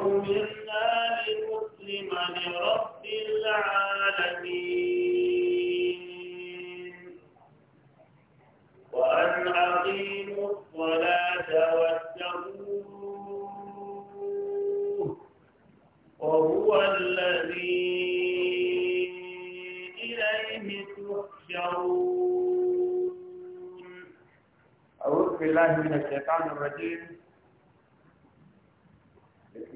وأمرنا لنسلم لرب العالمين وأن أقيموا الصلاة واتقوه وهو الذي إليه تحشرون أعوذ بالله من الشيطان الرجيم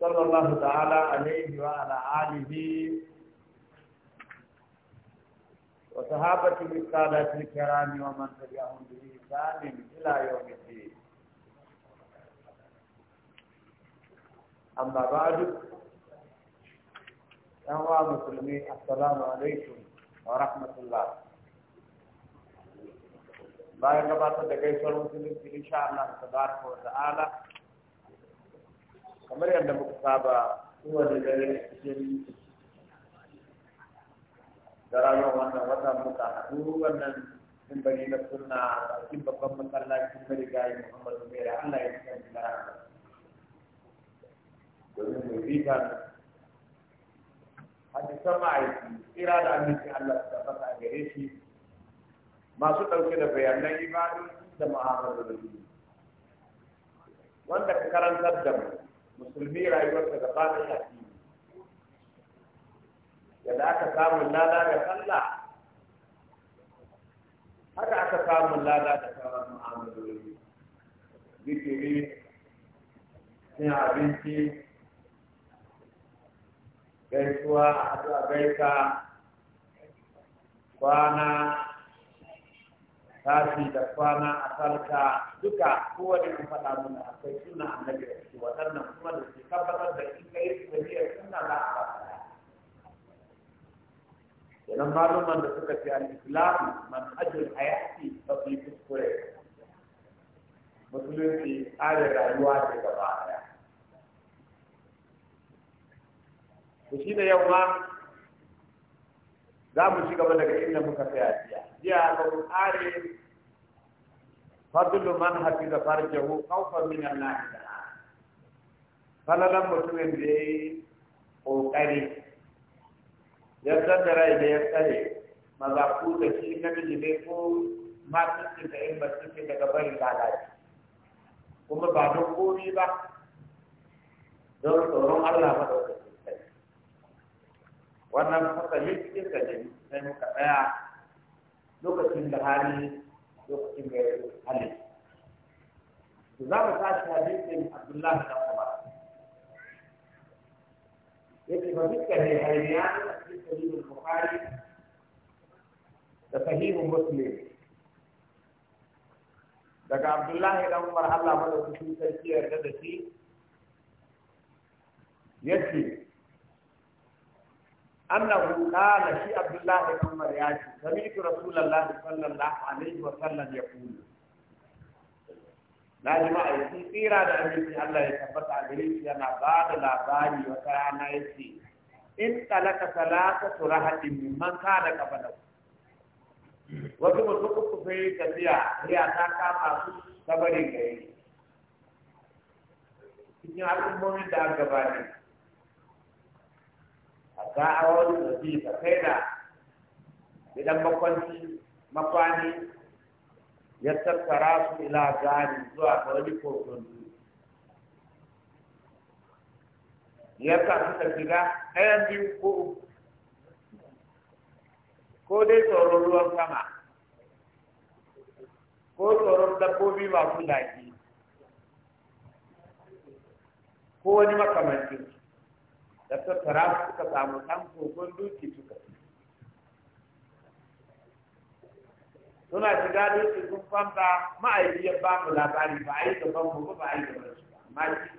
صلى الله تعالى عليه وعلى آله وصحابته السادة الكرام ومن تبعهم بإحسان إلى يوم الدين أما بعد أهوى المسلمين السلام عليكم ورحمة الله باقي قبطة دقائق ان شاء الله تبارك وتعالى kamar yadda muka saba kowane dare cikin dararar wannan wata muka haɗu wannan sun bari na suna cikin babban masallacin marigayi muhammadu mai da allah ya san da domin mu riba hadisan ma'aiki tsira da aminci allah su fasa a gare shi masu ɗauke da bayanan imanin da mu'amalar wanda ka karantar da mu musulmi rayuwarsa da ba da yaƙi yadda aka samu lada da sallah haka aka samu lada da sauran mu'amaloli zikiri cin abinci gaisuwa a gaisa kwana tashi da kwana a sarka duka kowane an faɗa mana akwai suna annabi da su waɗannan kuma da su tabbatar da in ka yi tafiyar suna za a faɗa idan maluman da suka ce al-islam man ajul hayati ba su yi kuskure musulunci tsarin rayuwa ce gaba ɗaya to shi da yau ma za mu ci gaba daga inda muka tsaya jiya jiya ga kare fadlu man da farjahu khawfan min Allah ta'ala falalan mutumin da yayi kokari ya rai da ya tsare maza ku da shi miji ne ko matan da in ba suke daga barin lalaci kuma ba don komi ba don tsoron Allah ba da wannan yi cikin da sai muka tsaya lokacin da hali lokacin da hali to za mu tashi hadisin abdullahi da kuma yake ba duka ne hayaniya a cikin sahihul bukhari da sahihun muslim daga abdullahi dan umar Allah madaukakin sarki yarda da shi yace annahu qala shi abdullah ibn umar ya ce sami'tu rasulullah sallallahu alaihi wa sallam yaqulu na ji ma'aiki tsira da aminci Allah ya tabbata a gare shi yana ba da labari wata rana ya ce in talaka salata turahadin min man kana qablahu wasu mutum uku sai tafiya riya ta kama su kabarin gari cikin al'ummomin da aka gabata ga awon da bi ka kai da idan makwanci makwani ya tattara su ila gani zuwa ga wani kokon ya sa suka shiga ɗayan biyu ko ko dai tsoron ruwan sama ko tsoron dabbobi masu lafi ko wani makamancin da tattara suka samu ɗan kogon doki suka suna shiga doki sun fanta ma'aiki ya ba mu labari ba a yi gaban mu ba a yi gaban su ba amma shi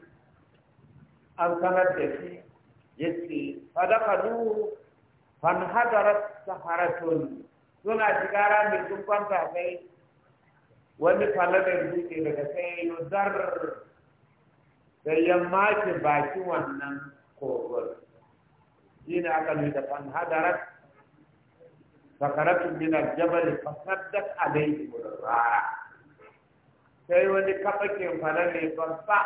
an sanar da shi ya ce sadaka nuhu fan hadarat saharatun suna shiga ranar sun fanta sai wani falalar dutse daga sai yi zarar da yamma bakin wannan kowar shi na aka nuna da fan hadarat sakaratun min jabal fasaddat alayhi murra sai wani kafakin falalle babba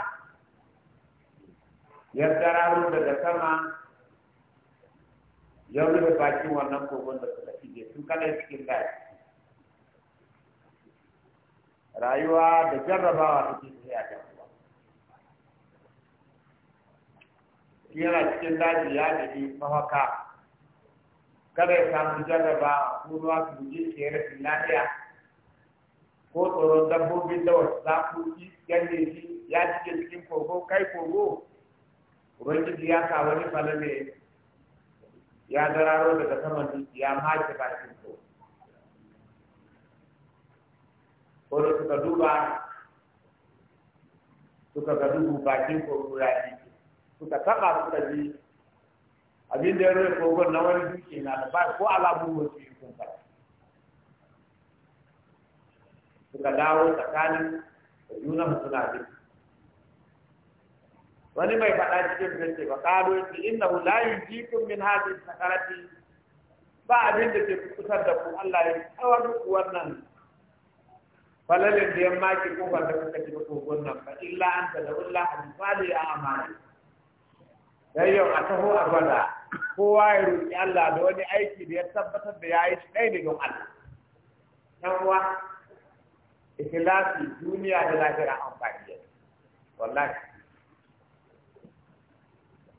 ya dararo daga sama ya rufe bakin wannan kogon da suka fije sun kada cikin daji rayuwa da jarrabawa take tafiya da yana cikin daji ya daɗi mafaka kada ya samu jarraba ko ruwa su guje ke rashin lafiya ko tsoron dabbobin da wasu zakoki ganye shi ya cike cikin kogo kai kogo ubangiji ya sa wani ne ya zararo daga saman dutse ya mace bakin ko ko suka duba suka ga dubu bakin kogo ya suka taɓa suka ji abin da ya rai kogon na wani duki na da ba ko alamun wasu yi kun fara suka dawo tsakanin da juna suna jin wani mai faɗa cikin fente ba ƙaro yake inna hu jikin yujikum min hadhihi sakarati ba abin da ke kusa da ku Allah ya tsawar muku wannan falalin da ya maki kofar da kuka ci kogon nan ba illa an ta da ulla an fali a amana dan yau a taho a gwada kowa ya roƙi Allah da wani aiki da ya tabbatar da ya yi shi ɗaya daga Allah yan uwa ikilasi duniya da lafiya amfani ne wallahi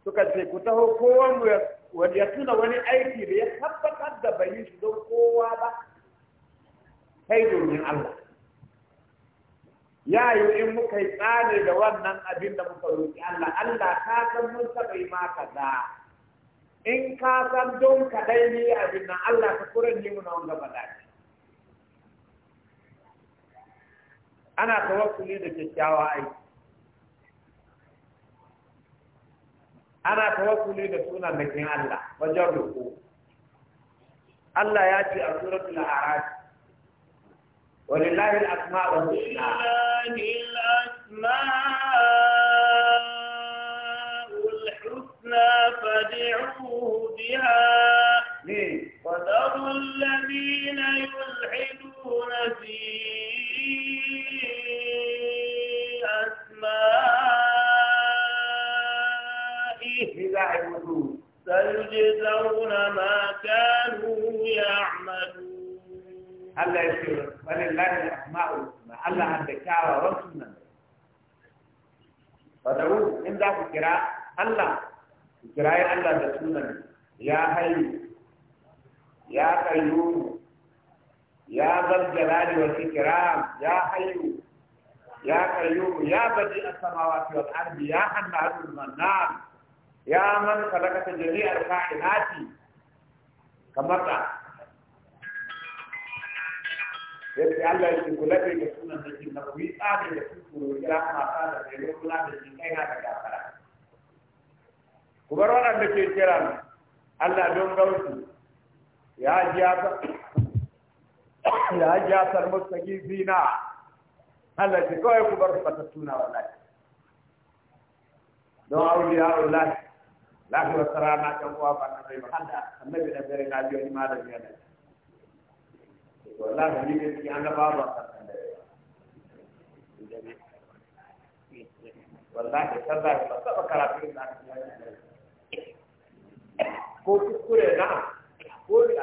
suka ce ku taho kowa wani ya tuna wani aiki da ya tabbatar da bai yi shi don kowa ba sai domin Allah ya yi in muka yi tsare da wannan abin da muka roƙi Allah Allah ka san mun taɓa yi maka da in ka san don ka dai ni abin nan Allah ka kuren ni muna wanga ba dace ana tawakkuli da kyakkyawa aiki ana tawakkuli da sunan da kin Allah wajen roƙo Allah ya ce a suratul a'raf ولله الأسماء الحسنى ولله الأسماء الحسنى فادعوه بها وذروا الذين يلحدون في أسمائه سيجزون ما كانوا يعملون هل يسير walillahi al-asma'ul husna Allah kyawawan sunan fadawu in ku kira Allah ku kirayi Allah da sunan ya hayyu ya qayyum ya zal jalali wal ikram ya hayyu ya qayyum ya badi as-samawati wal ardi ya hannahu ya yadda Allah ya ce da ga sunan da ke na ku yi da da tsere kula da kai na da gafara ku bar waɗanda ke kira Allah don gausu ya ji ya ji ya sar mustaqi zina Allah ce kawai ku bar wallahi don wallahi kan uwa ba na bai ba hadda annabi da na biyo ni ma da biyo wallahi ni gaskiya annabawa ba san kan da wallahi sallah ba saba karatu da ko kuskure na ko ni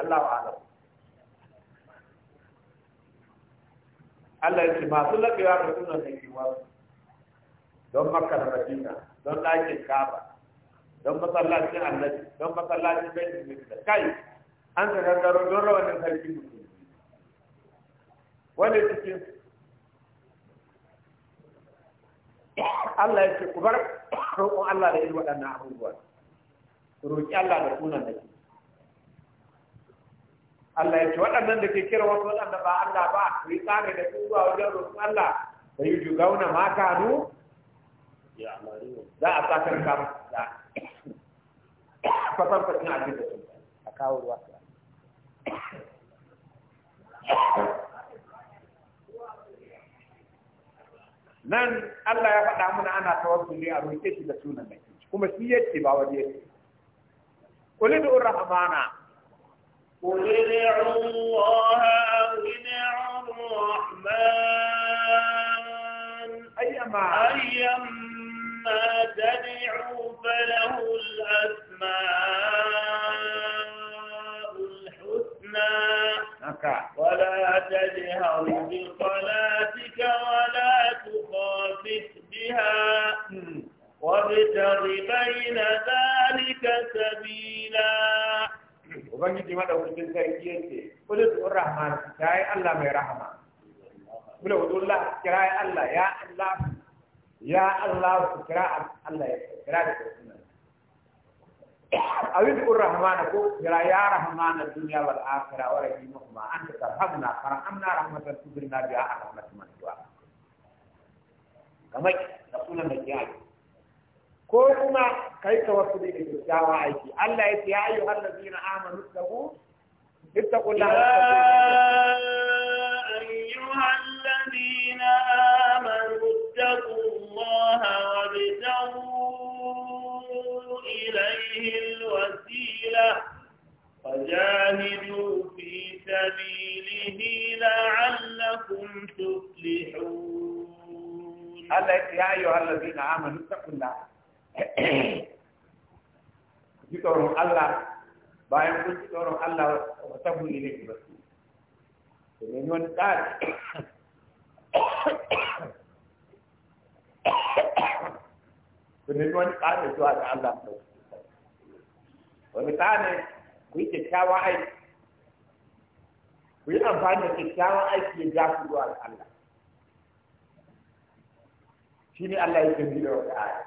Allah yake masu labewa da sunan sai kiwa don makka da madina don ɗakin kaba don masallacin annabi don masallacin baitul maqdis kai an ka gangaro don rawanin sarki mutum Wani cikin Allah ya ce ku bar roƙon Allah da irin waɗannan abubuwa roƙi Allah da sunan da ke Allah ya ce waɗannan da ke kira wasu waɗanda ba Allah ba ku yi tsare da su wajen roƙon Allah da yi jugauna ma kanu za a sa kan kamu da fasan fasin a cikin a kawo ruwa nan Allah ya faɗa mana ana tawassuli a roƙe shi da sunan nan kuma shi yake ba wani yake qul ud'u rahmana qul ud'u Allah aw ud'u rahman ayyama ayyama tad'u falahu al-asma'u al-husna ولا تجهر بصلاتك ولا فيها وابتغ بين ذلك سبيلا ubangiji madaukakin sarki ya ce kuli su rahman ya yi allah mai rahama kula wudullah kira ya allah ya allah ya allah su kira allah ya kira da sunan awid ko kira ya rahman dunya wal akhirah wa rahimahuma rahmatan ga maki da sunan da ke aiki ko kuma kai ka wasu ne da kyakkyawa aiki Allah ya ce ya ayyu allazina amanu tabu ittaqullaha ayyuha allazina amanu taqullaha wa bidawu ilayhi alwasila وجاهدوا في سبيل Allah ya ce ya ayyuha allazina amanu taqullah ji tsoron Allah bayan kun ji tsoron Allah wa tabu ilayhi basir to ne wani tsari ku nemi wani ƙarin zuwa ga Allah ko wani ƙarin ku yi kyakkyawan aiki ku yi amfani da kyakkyawan aiki ya ja ku zuwa ga Allah shine Allah yake bi da wata aya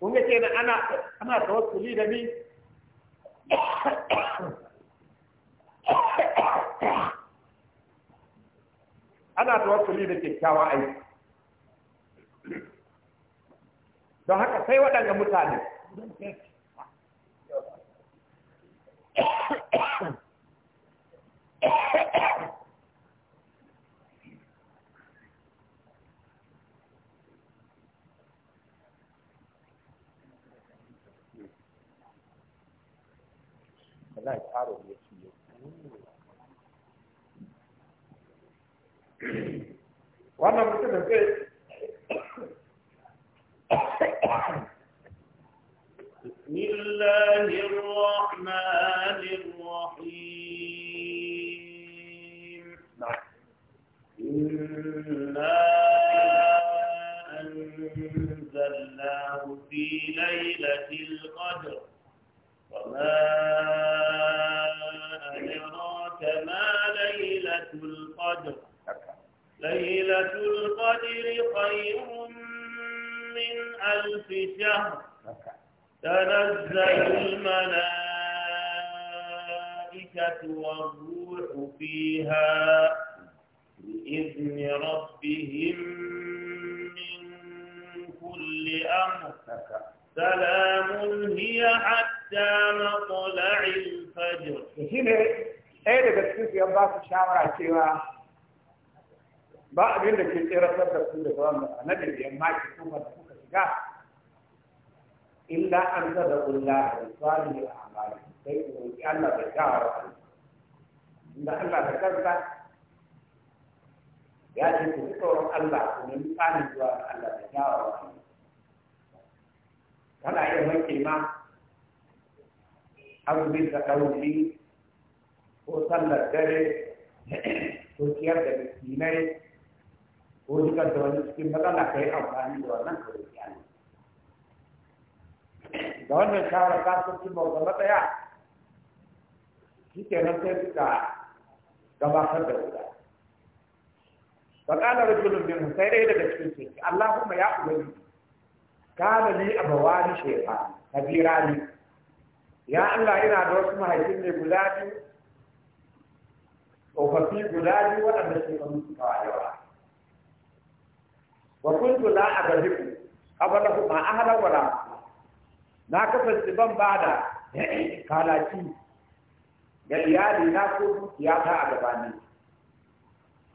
kun ga kenan ana ana tawakkuli da ni ana tawakkuli da kyakkyawan aiki don haka sai waɗanda mutane wallahi karo إيه؟ بسم الله الرحمن الرحيم نعم. إنا أنزلناه في ليلة القدر وما أدراك ما ليلة القدر ليلة القدر خير من ألف شهر تنزل الملائكة والروح فيها بإذن ربهم من كل أمر سلام هي حتى hatta matla'il fajr ne ɗaya daga cikin su ya ba su shawara cewa ba abin da ke tseratar da su da sauran da annabi da yamma ke kuma da kuka shiga illa an zada ulla da tsari da amali sai ku roki Allah da shawara inda Allah da kansa ya ce ku ji tsoron Allah ku nemi tsarin zuwa ga Allah da shawara kana iya manke ma an bi ka ɗauki ko sallar dare ko ciyar da miskinai ko duka da wani cikin matsala ka yi amfani da wannan ka roƙi Allah. Da wannan shawara kasuwancin bauta matsaya shi kenan sai suka gabatar da wuta. cikin رجل منهم سيريد دكتور اللهم ni a كان لي أبوان شيخان rani. ya Allah ina da wasu mahaifin ne guda biyu tsofaffi guda biyu waɗanda ke Ba musu tula a kuntu ku, abadiku abalahu a ahla wala na kasance ban bada kalaci da iyali na ko dukiya ta a gabani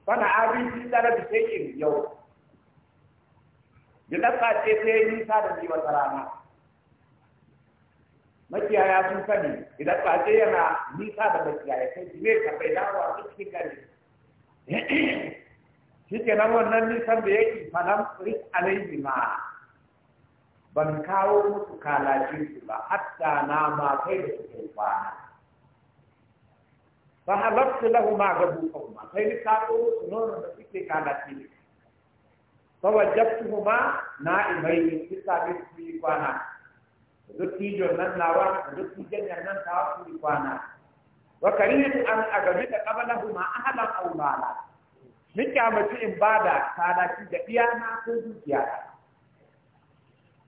Bana abinci tsara da sai yau da ce ta yi nisa da ni wata rana makiyaya sun sani idan kwace yana nisa da makiyaya sai jime ka bai dawo a cikin gari shi ke nan wannan nisan da yake falam rik alaihi ma ban kawo musu kalacin su ba hatta na ma kai da suke kwana fa halaftu lahu ma gabu kuma sai ni kawo musu nonon da suke kalacin fa huma na'imai suka bi su yi kwana dottijon nan nawa dottijon yan nan ta ku kwana wa an agabi da qabalahu ma ahlan aw mala min in bada kalaci da iyana ko dukiya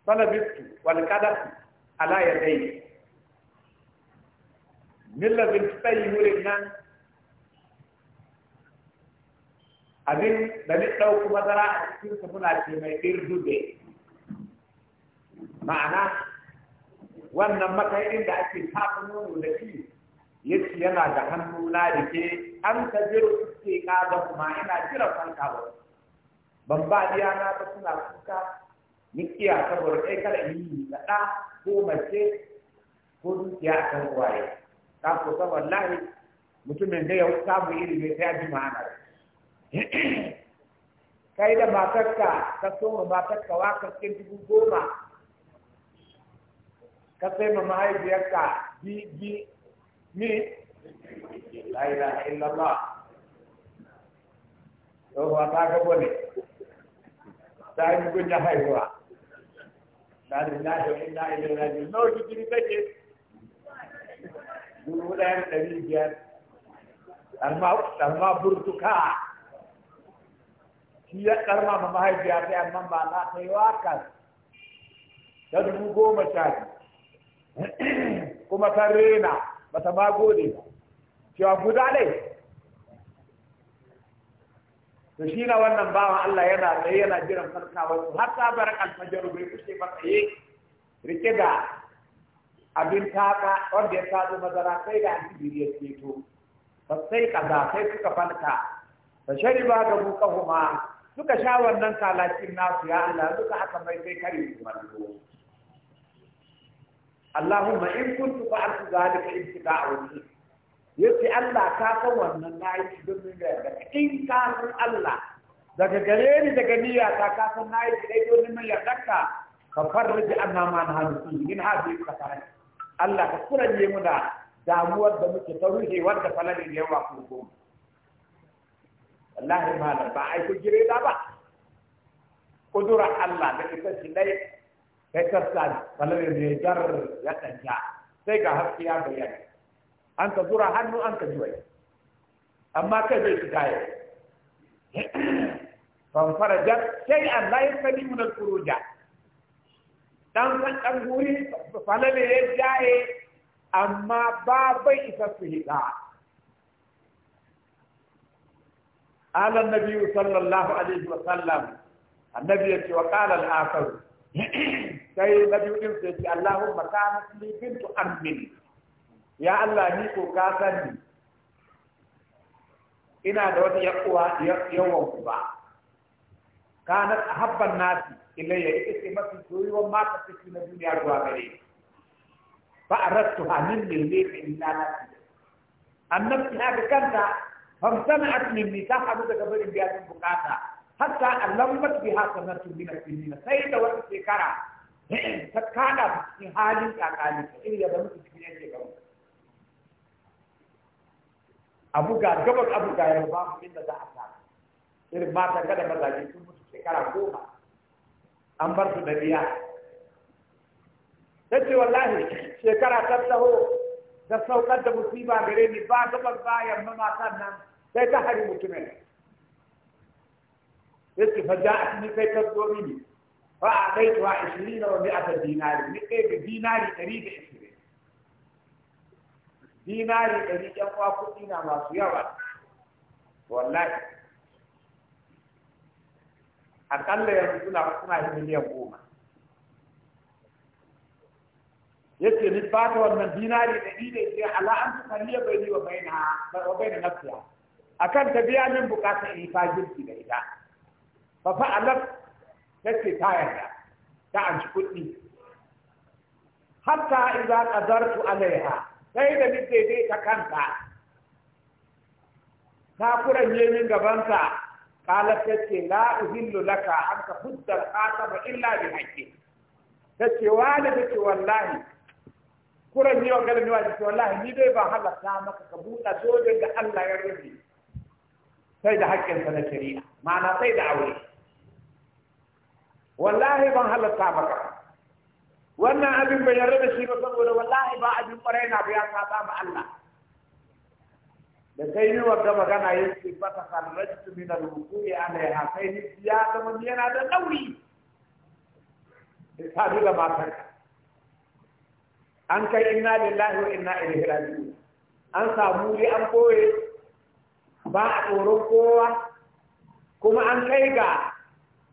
talabistu wal qadatu ala yadayhi milla bin tsayi wurin nan abin da ni ɗauki madara a cikin muna ce mai irdude ma'ana wannan matsayin da ake tafi nono da shi yace yana da hannu na da ke an ta jiro suke kaga kuma ina jira fanka ba ban ba na ba suna kuka ni kiya saboda kai kada yi da ɗa ko mace ko dukiya a kan uwaye ta ko san wallahi mutumin da ya samu ilimi sai ya ma'ana kai da matarka ta so matarka wakar cikin dubu goma ka sai ma mahaifiyarka bi bi mi la ilaha illallah yawwa ta ga bane ta yi gunya haihuwa na lillahi wa inna ilaihi raji'un nawa kikiri take dubu ɗaya da ɗari biyar ɗarma burtuka shi ya ɗarma ma mahaifiya ta amma ba na kai wakar ta dubu goma sha biyu kuma kan rena ba ta magode ba cewa guda ne to shi na wannan bawan Allah yana tsaye yana jiran farkawar su har ta bar alfajar bai kushe ba tsaye rike da abin taka wanda ya tatso madara sai da antibiri ya ceto ba sai kaza sai suka falka ta shari ba ga buka kuma suka sha wannan kalakin nasu ya Allah duka aka mai sai kare su mallo Allahumma in kuntu fa'altu zalika a wajhi yace Allah ka san wannan nayi shi don min yarda in ka san Allah daga gare ni daga niyya ta ka san nayi shi dai don min yarda ka fa farrij anna ma nahanu min hadhihi al Allah ka kuranye mu da damuwar da muke ta ruhe wanda falalin yawa ku goma wallahi malam ba ai ku gire ba kudura Allah da ita shi dai exercise wallahi ne jar ya canja sai ga haske ya bayyana an ka zura hannu an ka juya amma kai bai shiga ya fanfara jar sai Allah ya sani mun al-furuja dan san dan guri falale ya jaye amma ba bai isa su hida قال النبي صلى الله عليه وسلم النبي وقال الآخر sai na biyu din sai ce Allahumma kana li bintu Amin. ya Allah ni ko ka sani ina da wata yakuwa yawan ku ba kana habban nasi ilayya ita ce mafi soyuwa mata take na duniya zuwa gare fa arattu hanin min ne fa inna annabi ya ga kanta famsana'at ni ta hadu daga barin biya bukata hatta allamat biha sanatu min as sai da wata shekara ta kada su cikin halin kakani ta iri yaba musu cikin ga gaban abu ga gabas abu ga yarba mu inda za a sa irin mata kada mazaje sun mutu shekara goma an bar su da biya ta ce wallahi shekara ta taho da saukar da musiba gare ni ba gabas ba yamma matan nan sai ta hari mutumin ya ce fa ja'at ni kai ta zo mini فأعطيتها عشرين ومئة دينار نقيت ديناري قريب عشرين ديناري قريب يقوى كتنا ما سيوى والله أقل يقول أقصنا هميليا قوما يسكي نتبات ومن ديناري قريب إذا على أن تخلي بيني وبينها وبين نفسها أكن تبيع من بقاس إيفاجر في ليلة ففعلت take tayar da ta an ci kuɗi hatta idan qadartu alaiha sai da nake dai ta kanta ta kura yemin gaban ta qala tace la uhillu laka an ka hudda qataba illa bi haqqi tace walida ce wallahi kura ni wa galmi wa ce wallahi ni dai ba halatta maka ka buɗa dole ga Allah ya rubi sai da haƙƙin sa na shari'a ma'ana sai da aure والله ما هل تامك وانا ابي بيرد شي بقول والله ما ابي مرينا بيا تام الله لكي نوضح ما كان يكفي فتخرجت من الوقوع عليها كي نسيا كما نينا دوري بسابي لما فرق أنك إنا لله وإنا إليه راجعون أنسى مولي أمبوي بعد ربوة كما أنكيغا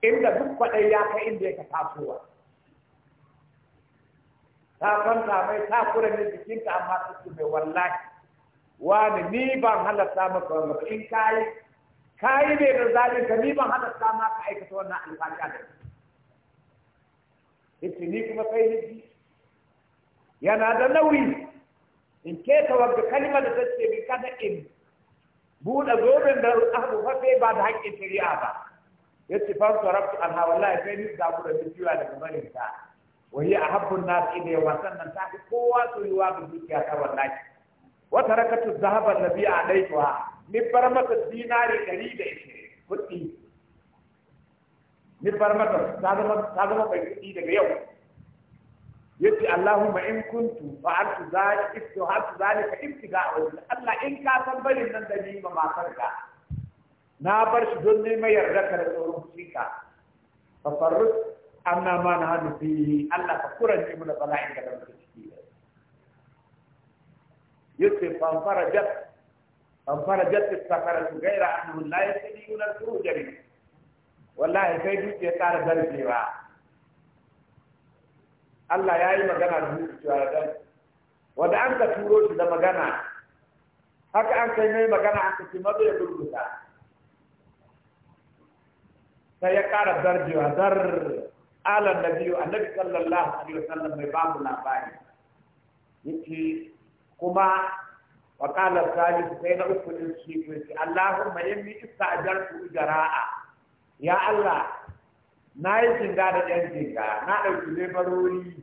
inda duk kwaɗai ya kai inda yake tasowa ta kwanta mai ta kura ne jikinta amma ta ce mai wallahi wani ni ban halatta maka wani in kayi kayi ne da zalinka ni ban halatta maka aikata wannan alfasha da Ita ni kuma sai ne ji yana da nauyi in keta wadda kalmar da ta ce bi kada in buɗe zoben da aka fafe ba da haƙƙin shari'a ba yace fa sarabtu an hawala ya ni da gura dukiya daga barin ta wahi ahabbun nas ya wa sannan ta fi kowa soyuwa ga dukiya ta wallahi wa tarakatu dhahaba nabi alaiha ni bar masa dinari 120 kudi ni bar masa ta zama bai kudi daga yau yace allahumma in kuntu fa'altu zalika iftu hal zalika ibtiga Allah in ka san barin nan da ni ma matarka na bar shi don neman yarda ka da tsoron fushinka fa farrus amma ma na hadu fi Allah ka kurance mu da bala'in da muke ciki yace fanfara jat fanfara jat sakara su gaira annahu la yasdiqun al-khuruj min wallahi sai duke tsara darjewa Allah ya yi magana da mutu cewa dan wanda an ka turo shi da magana haka an kai mai magana a ka ce mazo ya sai ya kara darjewa dar alan biyu, annabi sallallahu alaihi wasallam mai babu labari yace kuma wa qala salih sai na uku din shi shi allahumma inni istajartu ijra'a ya allah na yi jinga da ɗan jinga na ɗauki lebarori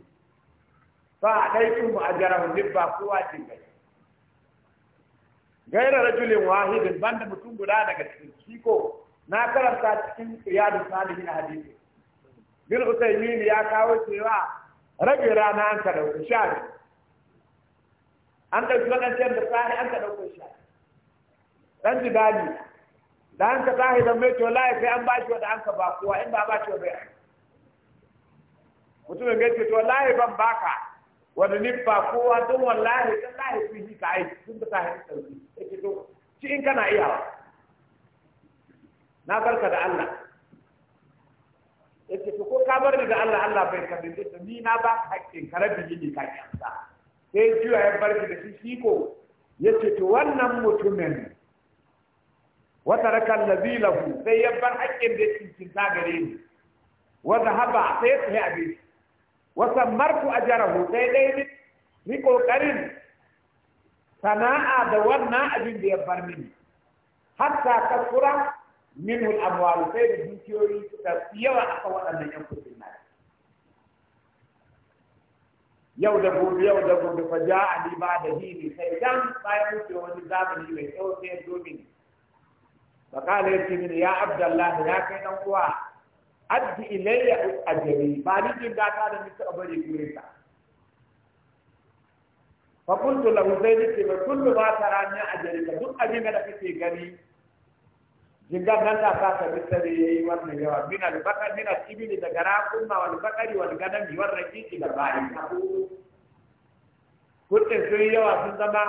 ba a ɗai tun ba a jarahun libba kowa jinga gaira rajulin wahidin banda mutum guda daga cikin ko na karanta cikin riyadu salihin hadisi bil usaimin ya kawo cewa rage rana an ka dauki sha an ɗauki wadancan da tsari an ka dauki sha dan jidali da an ka tsari da mai tola ya kai an bashi wanda an ka ba kowa in ba ba wa bai mutumin ga ce to ya ban baka wani ni ba kowa don wallahi don lahi sun yi ka aiki sun ta hanyar da sauki yake to ci in kana iyawa na barka da Allah yace to ko ka bar ni da Allah Allah bai karbi da ni na ba hakkin karabi ni ka kyansa sai jiya ya barki da shi shiko yace to wannan mutumin wa taraka allazi lahu sai ya bar hakkin da cin ta gare ni wa zahaba sai ya tafi abin wa samartu ajrahu sai dai ni ni kokarin sana'a da wannan abin da ya bar mini hatta kasura minhul amwalu sai da dukiyoyi suka yawa aka waɗannan yan kudin yau da gobe yau da gobe fa ja ali ba da hini sai dan bayan wuce wani zamani mai tsawo sai zo mini ya kala yace ya abdullah ya kai dan uwa addi a ajri ba ni jin gata da miki a bare gure ta fa kuntu lahu zaidi ba kullu ma tarani ajri duk abin da kake gari. jinga ganda sasa mistari ya wannan yawa min da baka min kibili da gara kuma wal bakari wal ganami wal raqiqi da bayi kuɗin sun yawa sun zama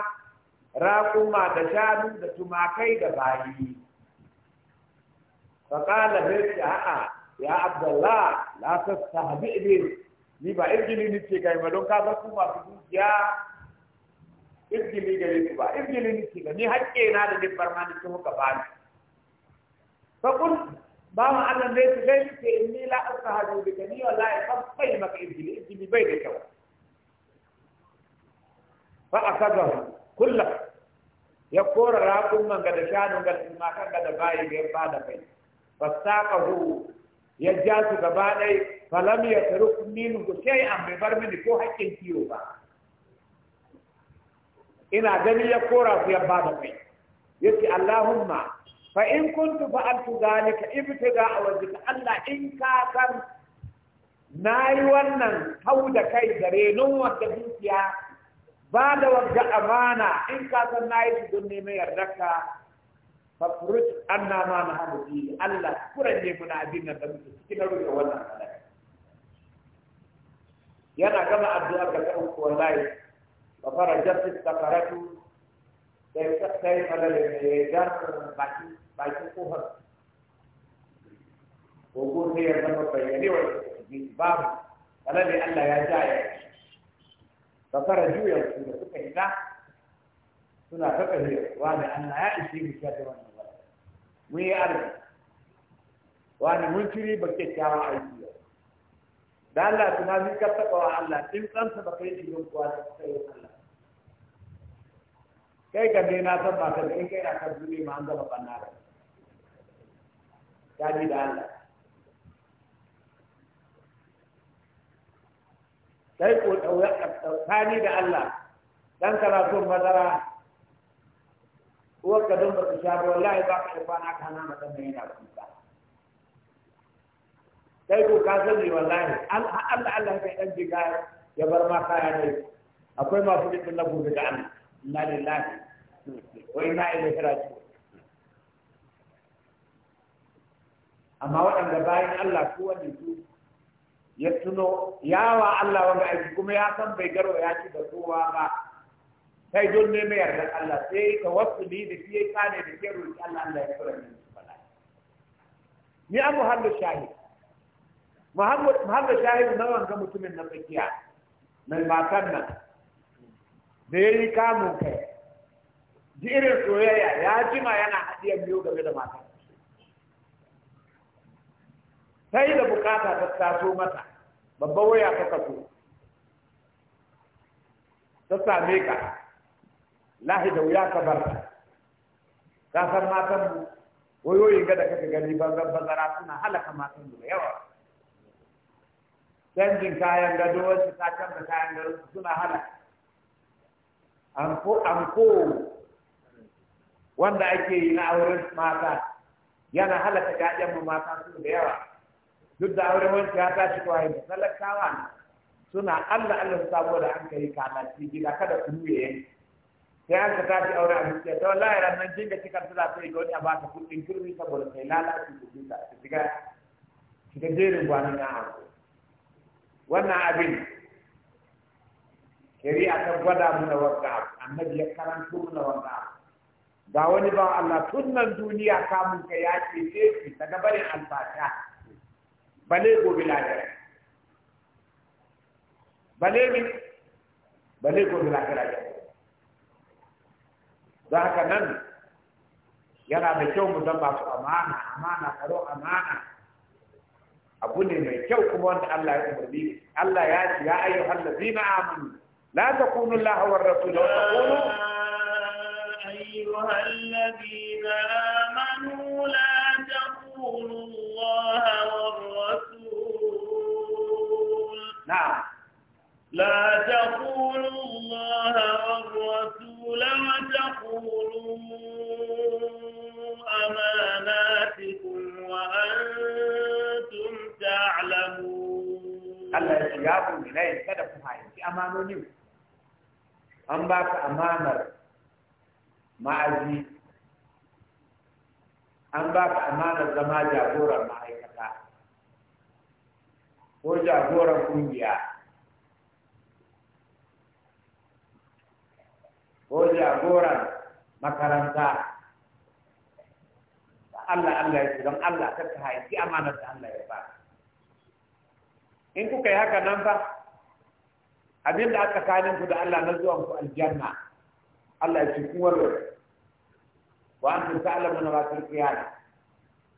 raƙuma da shanu da tumakai da bayi faƙala sai ce a'a ya abdullah la tastahbi bi ni ba irgili ni ce kai ba don ka ba kuma su dukiya irgili gare ku ba irgili ni ce ni hakke na da ni farma ni kuma ka فقل بابا أنا ليس غيرك اني لا أستهزئ بك ني ولا يخاف قيمك ابني إبجلي بيتك فأخذه كله يقول راكم من قد شان قد ما كان قد باي بعد فيه فاستاقه يجاز قبالي فلم يترك منه شيئا ببر من كو حق كيوبا إن أدني يقول راكم بعد فيه يقول اللهم fa in kuntu fa'altu zalika ibtiga wajhika Allah in ka san nayi wannan hau da kai da renon wanda dukiya ba da wadda amana in ka san nayi shi don neman yardarka fa furuj anna ma nahadu bi Allah kuran ne muna abin da muke cikin rubuta wannan halaka yana gama addu'a ga uku wallahi fara farajat sakaratu कई मदद बाकी बाकी को हर ko sai ya zama bayyane wa babu alade Allah ya ja ya ba fara juya da suka hina suna ta kare wani Allah ya ishe mu ta da wannan mun yi arziki wani mun ciri ba kyakkyawa aiki da Allah tuna zika taɓa wa Allah in tsansa ba kai shi don kuwa da kai Allah kai ka dai na san ba ka dai kai na kan zube ma an gaba banna da ta ji da Allah sai ko tsakani da Allah dan kana so madara uwar ka don ba ta sha wallahi ba ka kwana kana mata mai yana kuka Sai ko ka sani wallahi Allah Allah kai dan jiga ya bar ma kaya ne akwai masu bitin na gobe da Allah inna lillahi wa inna ilaihi raji'un amma waɗanda bayan Allah su wani su ya tuno yawa Allah wanda aiki kuma ya san bai garo ya ci da kowa ba sai don ne mai yardar Allah sai ka wasu ni da fiye kane da ke roƙi Allah Allah ya fara min fala ni a muhallu shahid muhallu shahid na wanga mutumin na tsakiya mai matan nan da ya yi kamun kai ji irin soyayya ya jima yana hadiyar biyu game da mata sai da bukata ta taso mata babban waya ta kaso ta same ka lahi da wuya ka bar ka san matan mu wayoyin ga da kake gani banzan bazara suna halaka matan mu da yawa canjin kayan gado wasu ta canza kayan gado suna halaka anko anko wanda ake yi na auren mata yana halaka ƴaƴan mu mata su da yawa duk da auren wancan ya tashi kawai da talakawa suna Allah Allah su samu da an kai ci gida kada ku nuye sai an ka tashi auren abinci ta wallahi ranar jinga cikar ta za su yi ga wani ba baka kuɗin kirmi saboda kai lalata, su jinta a jerin gwanin na wannan abin a ta gwada muna wanda abu annabi ya karanto muna wanda abu ga wani ba Allah tun nan duniya kamun ka ya ce shi daga barin albasha bale gobe lahira bale min bale gobe lahira ya da haka nan yana da kyau mu zama su amana amana karo amana abu ne mai kyau kuma wanda Allah ya umarni Allah ya ce ya ayyuhal ladina amanu لا تكون الله والرسول وتقولوا أيها الذين آمنوا لا تقولوا الله والرسول نعم لا تقولوا الله والرسول وتقولوا أماناتكم وأنتم تعلمون الله يجاب إليه كذا في أمانه an ba ka amanar ma'aji an ba ka amanar zama jagoran ma'aikata ko jagoran kungiya ko jagoran makaranta Allah Allah ya don Allah ka haifi amanar da Allah ya ba in kuka yi haka nan ba abin da aka kanin ku da Allah na zuwa ku aljanna Allah ya ci kun warware wa an tun ta'ala mana ba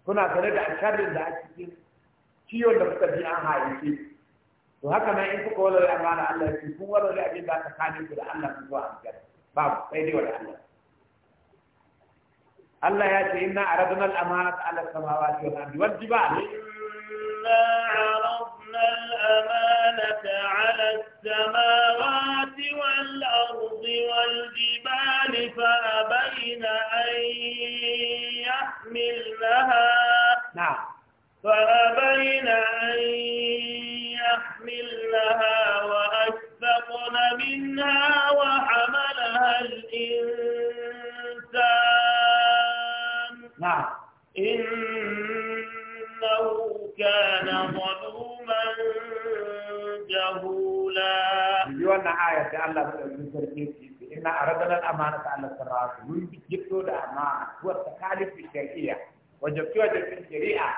kuna tare da sharrin da a cikin ciwon da kuka ji an haife to haka nan in kuka da amana Allah ya ci kun warware abin da aka kanin ku da Allah na zuwa aljanna babu sai dai wa Allah الله يا إنا عرضنا الأمانة على السماوات والأرض والجبال إنا عرضنا الأمانة على السماوات والأرض والجبال فأبين أن يحملنها نعم فأبين أن يحملنها وأشفقن منها inna aradana al-amanata ala sirat mun jitto da amana wa takalif bi shari'a wa jittuwa da shari'a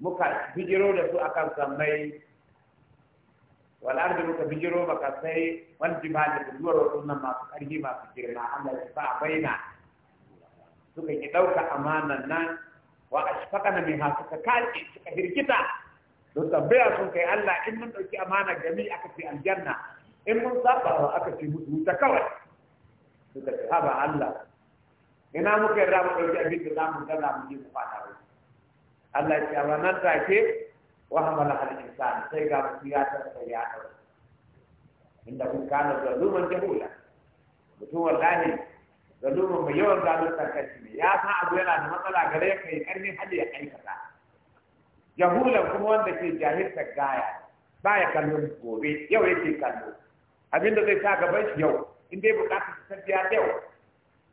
muka bijiro da su akan zamai wal ardi muka bijiro maka sai wal jibali da duwar wannan masu karfi masu girma Allah ya fa baina suka ki dauka amanan nan wa ashfaqana minha suka kalki suka hirkita don tambaya sun kai Allah in mun dauki amana gami aka fi aljanna in mun saba wa aka fi mutu ta kawai suka ce haba Allah ina muka yarda mu ɗauki abin da zamu gana zamu je mu fada ba Allah ya ce a nan take wa hamala hal insan sai ga mutum ya tsaya ya tsaya inda kun kana zaluman jahula mutum wallahi zaluman mai yawan zalunta kashi ne ya san abu yana da matsala gare ka yi karni hali ya aikata Jahula kuma wanda ke jahilta gaya ya kallon gobe yau yake kallo abinda zai sa gaban shi yau in dai bukatar ta biya yau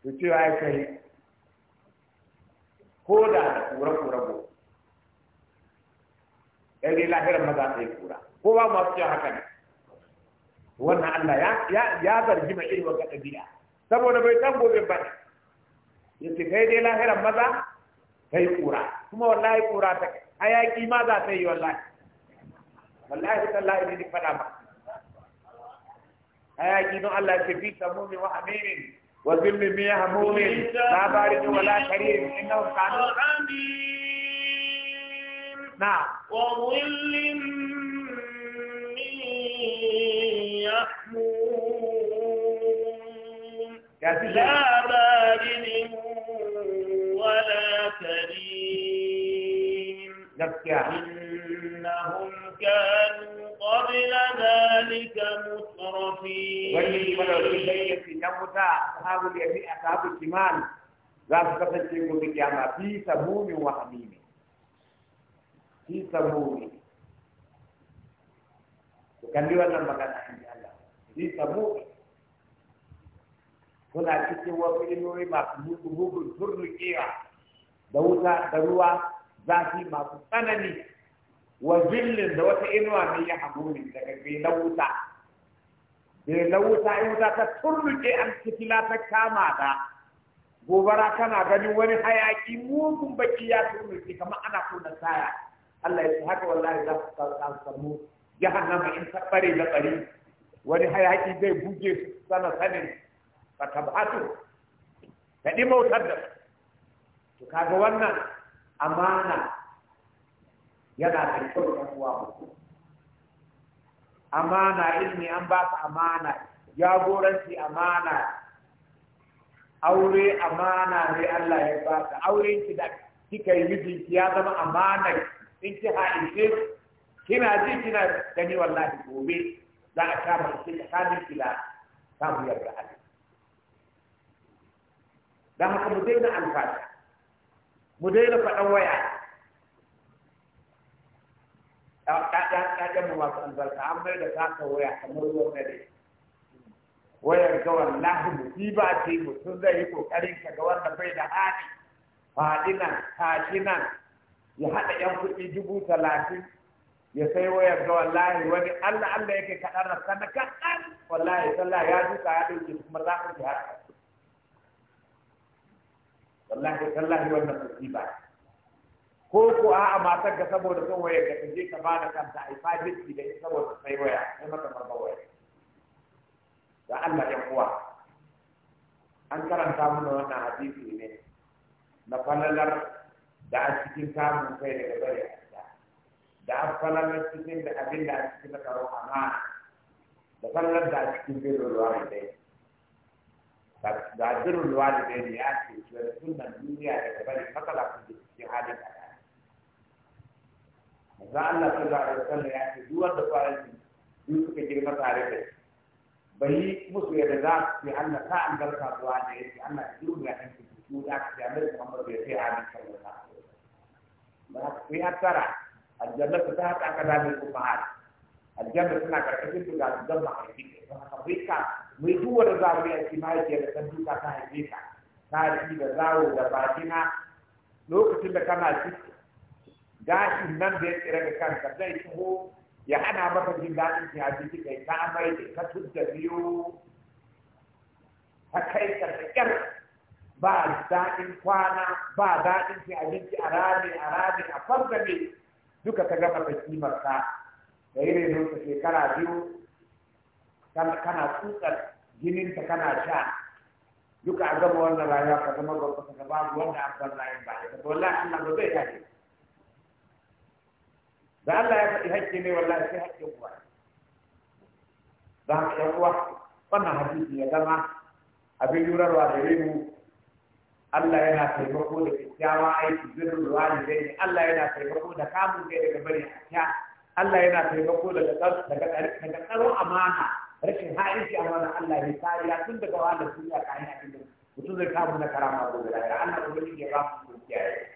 to cewa ya kai ko da da kura kura go yan yi lahirar maza ta yi kura ko ba masu cewa haka ne wannan Allah ya zargi mai irin wata ɗabi'a saboda bai san gobe ba ya ce kai dai lahirar maza ta yi kura kuma wallahi kura ta hayaki ma za ta yi wallahi wallahi tallahi ne ni faɗa ba hayaki don Allah ya fi samumin wa hamimin wa zulmin min hamumin la barid wa la karim innahu kanu نعم وظل من يحموم لا بارد ولا كريم إنهم كانوا قبل ذلك متعلمين wani wani mana wani dangin su yan mutu ashabu da yafi ashabu kiman za su kasance gobe kiyama fi sabuni wa amini fi sabuni to kan bi wannan magana in ji Allah fi sabuni kuna cikin wani ilimi masu mutu mugun turnukewa da wuta da ruwa zafi masu tsanani wa zillin da wata inuwa mai yi hamuni daga bai na wuta da lauta in za ta turnuke an fitila ta kama ta gobara kana ganin wani hayaki mugun baki ya turnuke kamar ana kunna tsaya. Allah ya ce haka wallahi za su samu jahannama in ta bare da tsari wani hayaki zai buge su sana sanin fa tabatu ta mautar da to kaga wannan amana yana da kyau uwa mutum amana ilimi an ba ka amana jagoranci amana aure amana ne Allah ya ba ka auren ki da kika yi mijinki ya zama amana in ki haife kina ji kina gani wallahi gobe za a kama ki tsakanin ki la samu yarda Allah dan haka mu daina alfasha mu daina faɗan waya ɗaɗan mu masu albarka an mai da taka waya kamar ruwan dare wayar ga wallahi musiba ce mutum zai yi kokarin ka ga wanda bai da hali faɗi nan tashi nan ya haɗa yan kuɗi dubu talatin ya sai wayar ga wallahi wani allah allah yake kaɗan rasa na kaɗan wallahi sallah ya duka ya ɗauke kuma za ku ji haka wallahi sallahi wannan musiba ko ko a'a matar ga saboda son waya ka je ka ba da kanta ai fajirci da ita saboda sai waya sai mata marba waya da Allah ya kuwa an karanta mana wannan hadisi ne na falalar da a cikin kamun kai daga bari da a falalar cikin da abin da a cikin na karo amana da falalar da a cikin birin ruwa mai dai da birin ruwa ne dai ne ya ce sunan duniya daga bari matsala su cikin halin da manzo Allah sallallahu alaihi wasallam ya ce duk wanda faranci duk suka girma tare da shi bai musu yadda za su yi Allah ta an garka zuwa da yake Allah ya girma ya ɗanci su da aka ce Annabi Muhammad bai sai amin sallallahu alaihi wasallam ba ku yi hattara aljanna ta haka aka dame ku fa'ala aljanna suna karkashin su ga zan mahaifi don haka bai ka mai duk da za mu yi aiki mahaifiyar da kan duka ta haife ka ta da zawo da bakina lokacin da kana ciki gashin nan da ya tsira da kanka zai taho ya hana maka jin daɗin a ji kai ka amai da ka tudda biyu ta kai karkar ba daɗin kwana ba daɗin ci abinci a rami a rami a fargame duka ta gama ta kimar ka da irin nuna shekara biyu kana tsutsar ta kana sha duka a gama wannan rayuwa ka zama ka babu wanda an bar rayuwa ba da wallahi Allah ba zai dace da Allah ya faɗi hakki ne wallahi sai hakki uwa da haka yan uwa wannan hadisi ya zama abin yurarwa da mu Allah yana taimako da kyakkyawa aiki zirin ruwa ne ne Allah yana taimako da kamun kai daga bari kya Allah yana taimako daga tsaro amana rashin ha'inci amana Allah ya kariya tun daga wanda sun a kayan abin da mutum zai kamun na karama gobe da Allah ubangiji ya ba mu kiyaye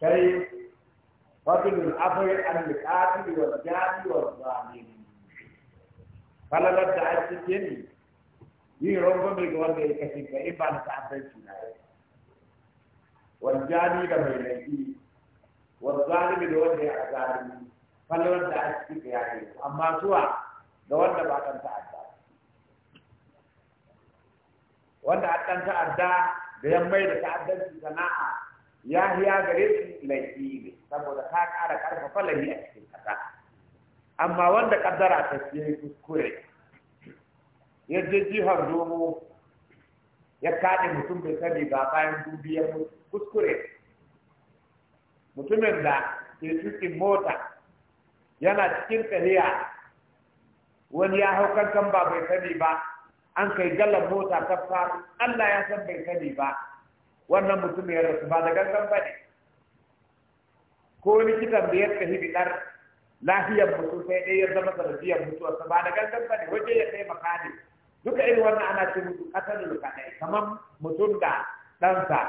sai فضل العفو عن القاتل والجاني والظالم فلا لد عن الجن يرمى من قوة الكثير فإما نتعبد شنائه والجاني لما يلاقيه والظالم لوجه الظالم فلا لد عن الجن أما سوى لو أن بعد أن تعدى وأن أن تعدى بيميل تعدى صناعة hiya gare shi laifi ne saboda ta ƙara ƙarfafa lahi a cikin ƙasa amma wanda ƙaddara ta ce kuskure ya je jihar domo ya kaɗe mutum bai sani ba bayan dubi ya kuskure mutumin da ke cikin mota yana cikin tahiya wani ya hau kankan ba bai sani ba an kai galan mota ta faru Allah ya san bai sani ba wannan mutum ya rasu ba da gangan ba ne ko likitan da ya tafi bidar lafiyar mutum sai dai ya zama sanadiyar mutuwarsa ba da gangan ba ne waje ya taimaka ne duka irin wannan ana ce da katalul kadai kamar mutum da ɗansa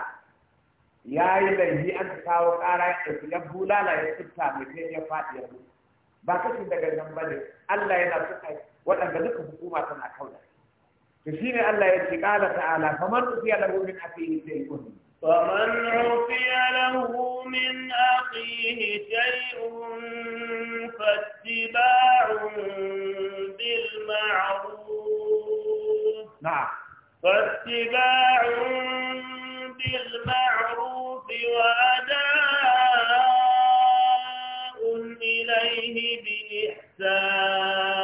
ya yi laifi an kawo ƙara ya ɗauki ya bulala ya tsibta mai kai ya faɗi ya mutu ba kashin daga gangan ba ne Allah yana suka waɗanda duka hukuma tana kawai. فشيني الله يجي قال تعالى فمن أتي له من أخيه شيء فمن عفي له من أخيه شيء فاتباع بالمعروف نعم فاتباع بالمعروف وأداء إليه بإحسان